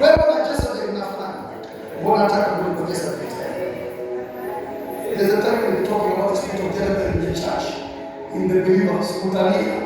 Wewe unacheza ndio unafanya. Mbona unataka kunipoteza? we're talking about the spirit of in the church, in the believers, Utalia.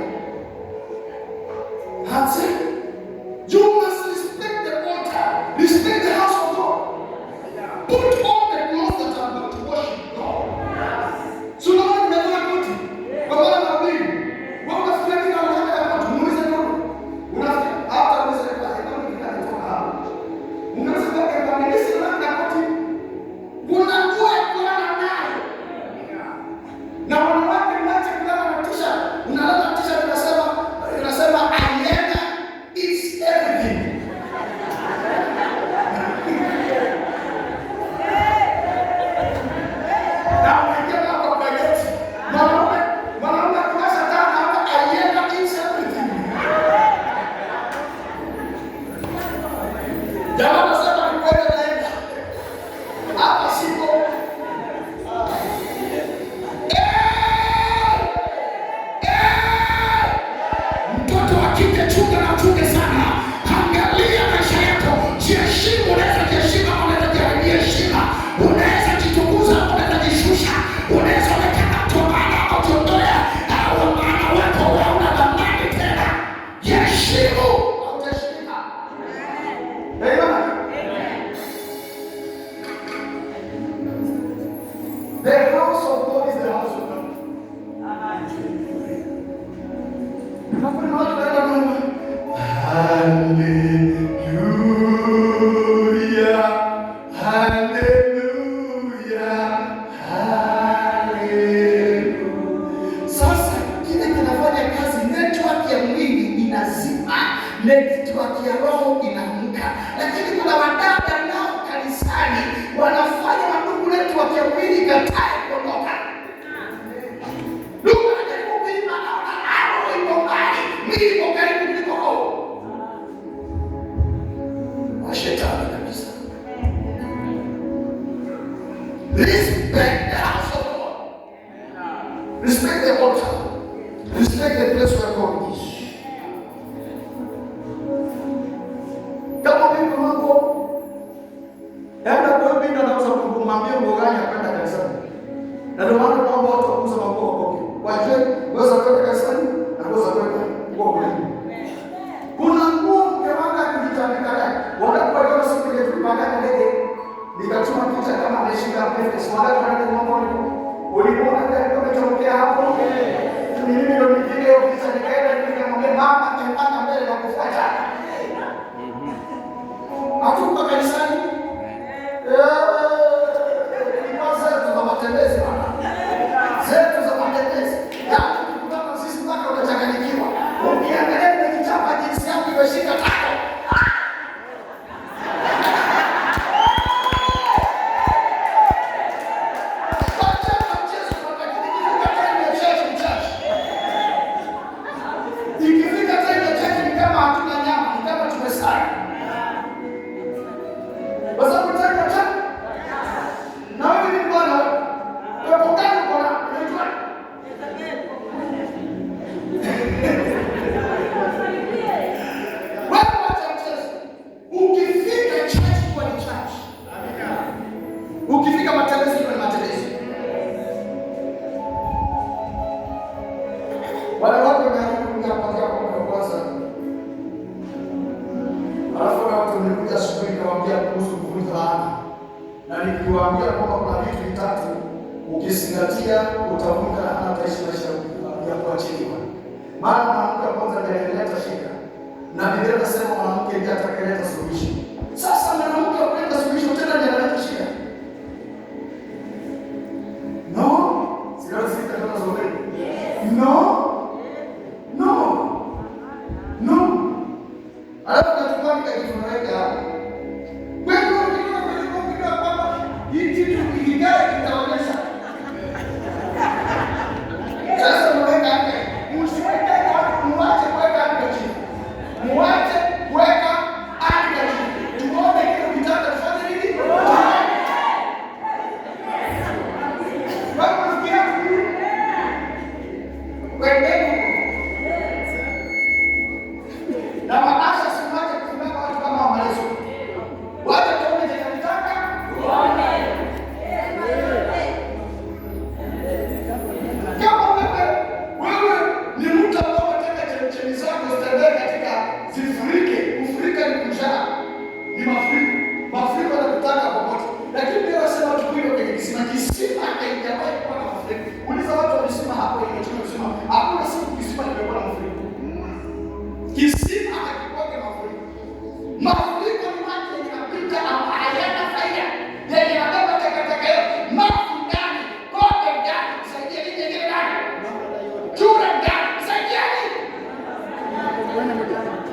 Da wa kiroho inaamka, lakini kuna wadada nao kanisani wanafanya wandugu wetu wa kiwili katae kuondoka shetani kabisa. Na ndio maana tunaomba watu kuuza mambo wakoke. Wajue waweza kwenda kanisani na waweza kwenda kwa kweli. Kuna nguo mke wangu akijitandika naye. Wanakuwa kama siku ile tulipanda ndege nikatuma picha kama ameshika pete. Swala tunataka mambo ni ulipoona ndio tumetokea hapo. Mimi ndio nipige hiyo picha nikaenda nikamwambia mama nimepanda mbele na kufuata. Mhm. Atupa kanisani. Eh. Ikifika taita chake ni kama hatuna nyama, ni kama tumesaga, kwa sababu taita chake na wewe ni bwana wepokana kona unaitwa ukifika chachi kwa ni chachi, ukifika matembezi kwa ni matembezi wale watu na nikiwaambia kwamba kuna vitu vitatu ukizingatia, utavuka na utaishi maisha ya kuachiliwa. Maana mwanamke wa kwanza ndiye alileta shida, na Biblia inasema mwanamke ndiye atakayeleta suluhisho. Sasa mwanamke When they Kisima hakikoke mafuriko. Mafuriko ni maji yanapita ambayo hayana faida. Yeye takataka yao. Maji ndani, kote ndani, saidia nini ndio ndani? Chura ndani, saidia nini?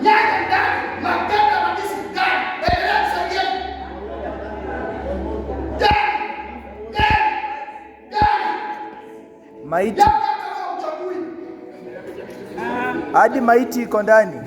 Nyanya ndani, matenda madisi ndani. Endelea kusaidia. Ndani, ndani, ndani. Maiti hadi maiti iko ndani.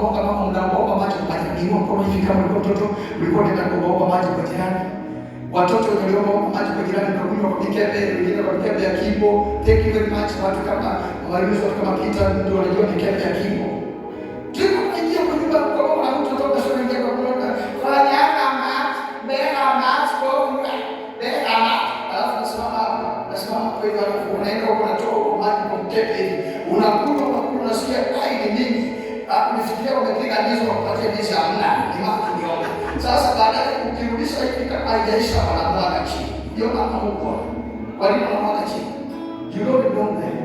kuomba mama, mnaomba maji mnakimbia mkono hivi, kama ulikuwa mtoto ulikuwa unaenda kuomba maji kwa jirani. Watoto waliomba maji kwa jirani kwa kunywa kwa kikebe, wengine kwa kikebe ya kibo. Thank you very much, watu kama watu kama Peter ndio wanajua kikebe ya kibo agizo wakupatie visa hamna, ni watu niona. Sasa baadaye ukirudisha hii kama haijaisha wanamwaga chini, ndio kama huko walio wanamwaga chini. You don't belong there,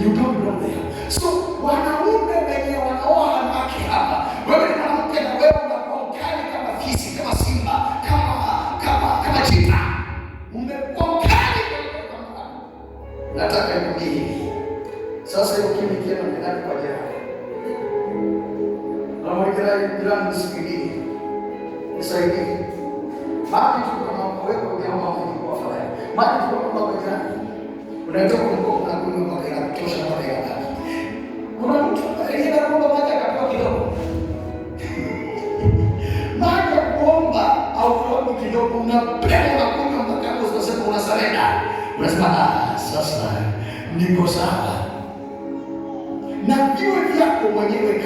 you don't belong there. So wanaume wenye wanaoa wanawake hapa, wewe ni mwanamke na wewe unakuwa ukali kama fisi, kama simba, kama kama kama chita, umekuwa ukali. Nataka nikwambie hivi sasa, hiyo kimi kienda ndani kwa jana bilang ya. eh, gitu. di siku hii nisaidie. Maana tuko na mambo yako ya mambo ni kwa fala. Maana tuko na mambo ya unaweza kumkopa na kunywa kwa kila kutosha kwa kila kitu. Kuna mtu alienda kuomba maji akapewa na sasa Na mwenyewe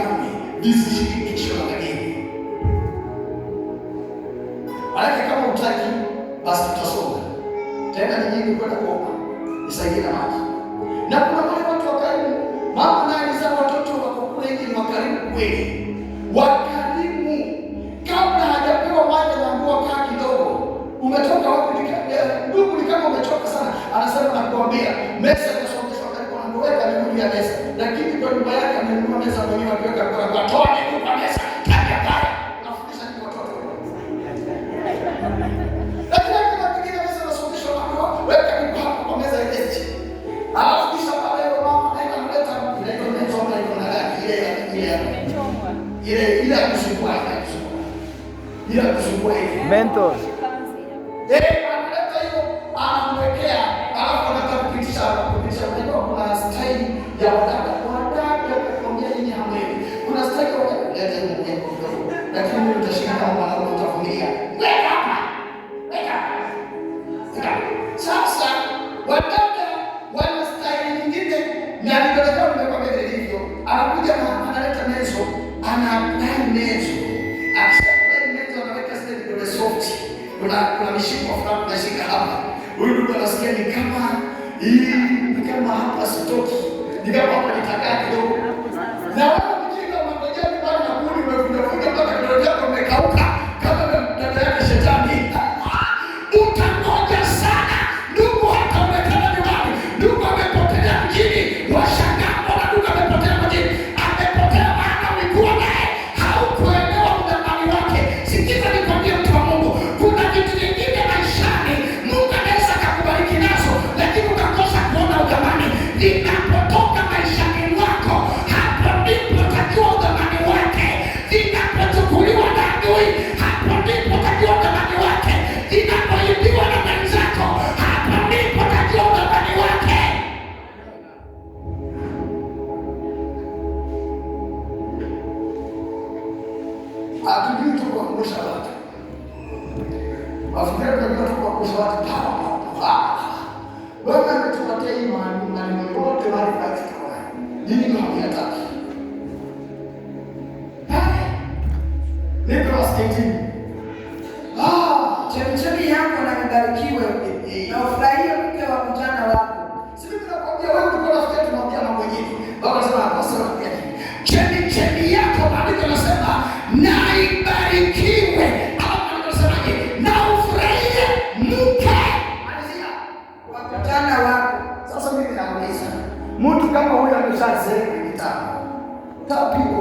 lisishirikishwe na wageni. Maanake kama utaki, basi tutasonga tena nyingi kwenda kuomba nisaidie na maji. Na kuna wale watu wa karimu, mama naye watoto wako kule nje, ni kweli, wakarimu. Kabla hajapewa maji anaambiwa kaa kidogo, umetoka wapi? Eh, ndugu, ni kama umechoka sana, anasema nakuambia mesa nimenunua meza mwenyewe aliweka kwa kutoa nikupa meza kaja pale. Nafundisha ni watoto. Lakini kuna kingine meza nasomesha mama weka niko hapo kwa meza ile. Alafu kisha pale yule mama naenda kuleta ile ile mchoma iko na rangi ile ile ya mchoma. Ile ile kusumbua ile kusumbua. Ile kusumbua ile. Mentos. hii, nikama hapa sitoki, nikama hapa nitakaa kidogo na Baba, wewe umetupatia hii maneno yote maarifa katika wewe, nini hakuyataki? Niko masikitini tell you.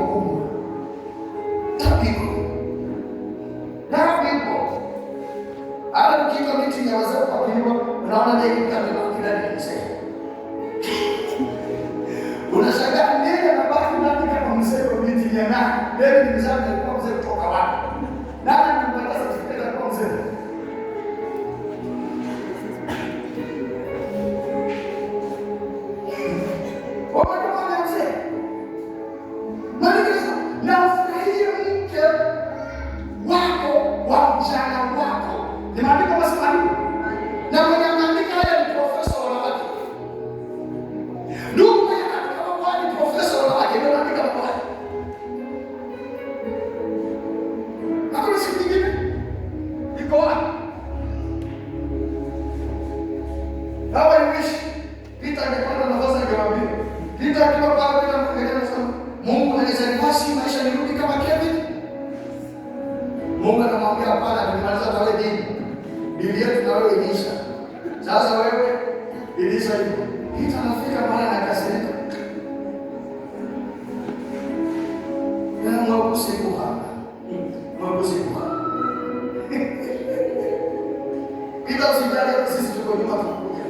Ila usitake sisi tuko nyuma tunakuja.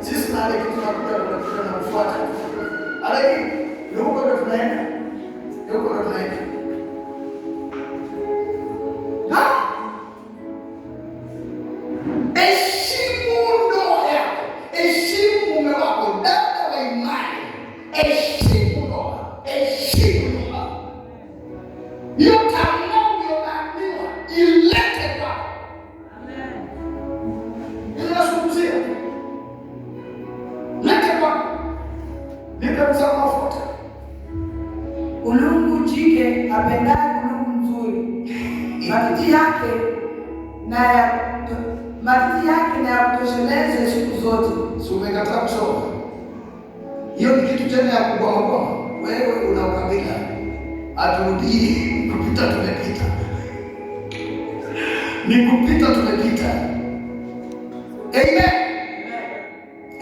Sisi tunale tunakuja tunakuja na kufuata. Lakini ni kupita tumepita. Amen.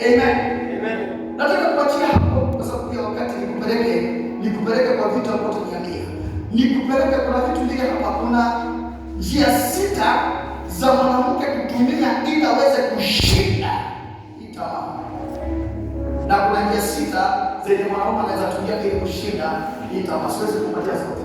Amen. Amen. Nataka kuachia hapo kwa sababu ya wakati nikupeleke nikupeleke kwa vitu ambavyo tunaambia. Nikupeleke kuna vitu vile hapa kuna njia sita za mwanamke kutumia ili aweze kushinda itamaa. Na kuna njia sita zenye mwanamke anaweza tumia ili kushinda itamaa. Siwezi kupatia